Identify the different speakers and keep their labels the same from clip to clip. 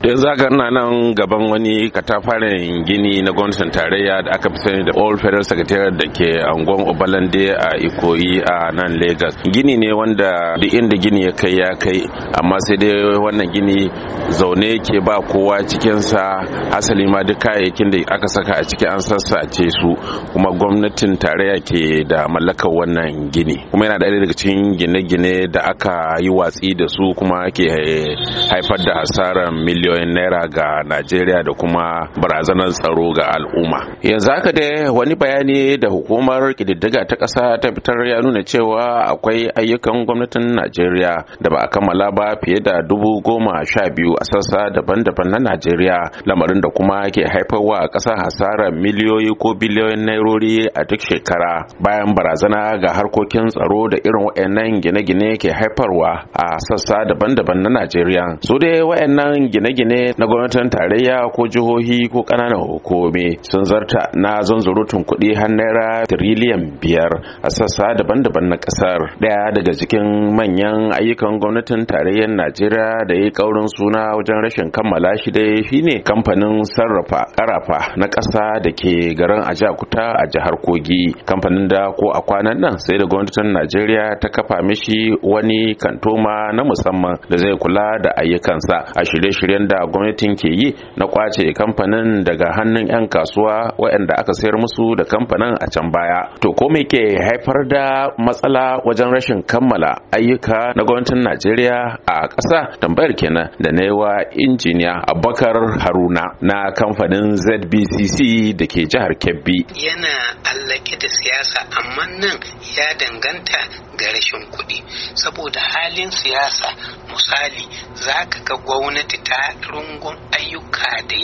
Speaker 1: da yanzu haka ina nan gaban wani katafaren gini na gwamnatin tarayya da aka fi sani da all federal Secretary da ke angon obalande a ikoyi a nan lagos gini ne wanda duk inda gini ya kai ya kai amma sai dai wannan gini zaune ke ba kowa cikinsa asali ma duk kayayyakin da aka saka a ciki an sassace su kuma gwamnatin tarayya ke da mallakar wannan gini kuma yana ɗaya daga cikin gine-gine da aka yi watsi da su kuma ke eh, haifar da hasarar miliyan biliyoyin naira ga najeriya da kuma barazanar tsaro ga al'umma yanzu haka dai wani bayani da hukumar kididdiga ta ƙasa ta fitar ya nuna cewa akwai ayyukan gwamnatin najeriya da ba a kammala ba fiye da dubu goma sha biyu a sassa daban-daban na najeriya lamarin da kuma ke haifarwa a ƙasa hasarar miliyoyi ko biliyoyin nairori a duk shekara bayan barazana ga harkokin tsaro da irin waɗannan gine-gine ke haifarwa a sassa daban-daban na najeriya su dai waɗannan gine gine-gine na gwamnatin tarayya ko jihohi ko ƙananan hukumi sun zarta na zanzurutun kuɗi har naira tiriliyan biyar a sassa daban-daban na ƙasar ɗaya daga cikin manyan ayyukan gwamnatin tarayyar najeriya da ya ƙaurin suna wajen rashin kammala shi dai shine kamfanin sarrafa ƙarafa na ƙasa da ke garin ajakuta a jihar kogi kamfanin da ko a kwanan nan sai da gwamnatin najeriya ta kafa mishi wani kantoma na musamman da zai kula da ayyukansa a shirye-shiryen da gwamnatin ke yi na kwace kamfanin daga hannun 'yan kasuwa waɗanda aka sayar musu da kamfanin a can baya to ko me ke haifar da matsala wajen rashin kammala ayyuka na gwamnatin najeriya a ƙasa tambayar kenan da na wa injiniya abubakar haruna na kamfanin zbcc da ke jihar kebbi
Speaker 2: yana allake da siyasa amma nan ya danganta ga rashin kuɗi saboda halin siyasa misali za ka ga gwamnati ta rungun ayyuka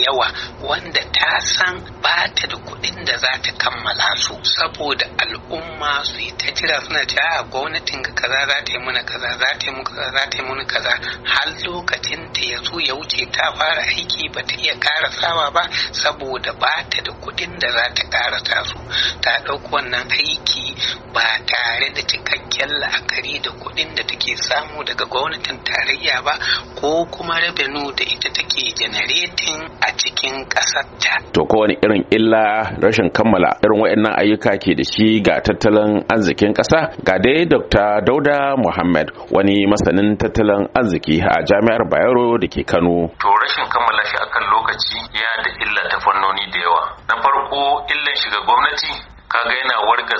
Speaker 2: yawa wanda ta san ba ta da kuɗin da za ta kammala su saboda al'umma su yi ta jira suna ce a ah, gwamnatin ga kaza za ta yi mana kaza za ta yi mu kaza za ta yi mana kaza har lokacin ta ya zo ya wuce ta fara aiki ba ta iya karasawa ba saboda ba ta da kuɗin da za ta karasa su ta ɗauki wannan aiki ba tare da cikakken la'akari da kuɗin da take samu daga gwamnatin tarayya ba ko kuma rabenu da ita take janaretin
Speaker 1: a cikin ƙasar ta. To kowane irin illa rashin kammala irin waɗannan ayyuka ke da shi ga tattalin arzikin ƙasa ga dai Dr. Dauda Muhammad wani masanin tattalin arziki a Jami'ar Bayero da ke Kano.
Speaker 3: To rashin kammala shi akan lokaci ya da illa ta fannoni da yawa. Na farko illan shiga gwamnati kaga yana warga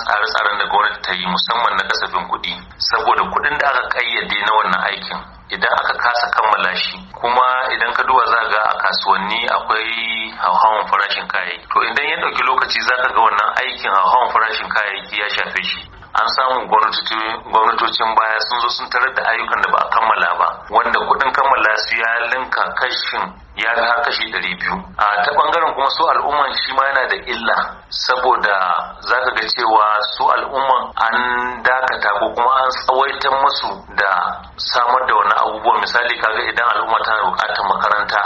Speaker 3: tsare-tsaren da gwamnati ta yi musamman na kasafin kuɗi saboda kuɗin da aka kayyade na wannan aikin idan aka kasa kammala shi kuma idan ka duba zaga ga a kasuwanni akwai hauhawan farashin kayayyaki to idan ya ɗauki lokaci zaka ga wannan aikin hauhawan farashin kayayyaki ya shafe shi an samu gwamnatocin baya sun zo sun tarar da ayyukan da ba a kammala ba wanda kuɗin kammala su ya linka kashin ya ga kashi ɗari biyu a ta ɓangaren kuma su al'umman shi ma yana da illa saboda za ka ga cewa su al'umman an dakata ko kuma an tsawaitar musu da samar da wani abubuwa misali kaga idan al'umma tana bukatar makaranta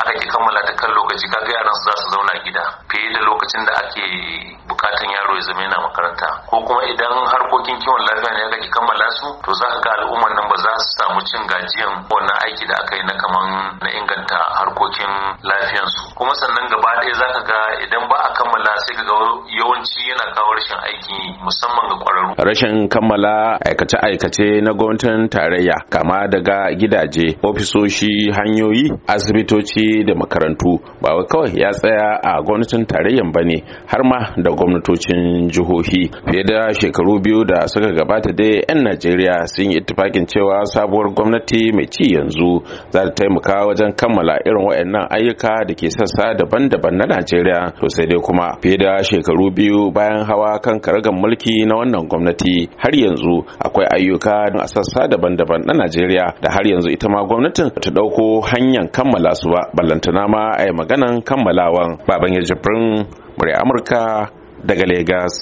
Speaker 3: aka ke kammala ta kan lokaci kaga yaran su za su zauna gida fiye da lokacin da ake buƙatar zama yana makaranta ko kuma idan harkokin kiwon lafiya ne gaji kammala su to za ka ga al'ummar nan ba za su samu cin gajiyan wannan aiki da aka yi na kaman na inganta harkokin su kuma sannan gaba ɗaya za ka ga idan ba a kammala sai ka ga yawanci yana kawo rashin aiki musamman ga kwararru.
Speaker 1: Rashin kammala aikace-aikace na gwamnatin tarayya kama daga gidaje, ofisoshi, hanyoyi, asibitoci da makarantu ba kawai ya tsaya a gwamnatin tarayyan ba ne har ma da gwamnatocin jihohi fiye da shekaru biyu da suka gabata dai 'yan najeriya sun yi itifakin cewa sabuwar gwamnati mai ci yanzu za ta taimaka wajen kammala irin waɗannan ayyuka da ke sassa daban-daban na najeriya to sai dai kuma fiye da shekaru biyu bayan hawa kan karagar mulki na wannan gwamnati har yanzu akwai ayyuka a sassa daban-daban na najeriya da har yanzu ita ma gwamnatin ta ɗauko hanyar kammala su ba ballantana ma a yi maganan kammalawan baban ya jibrin murya amurka daga Legas.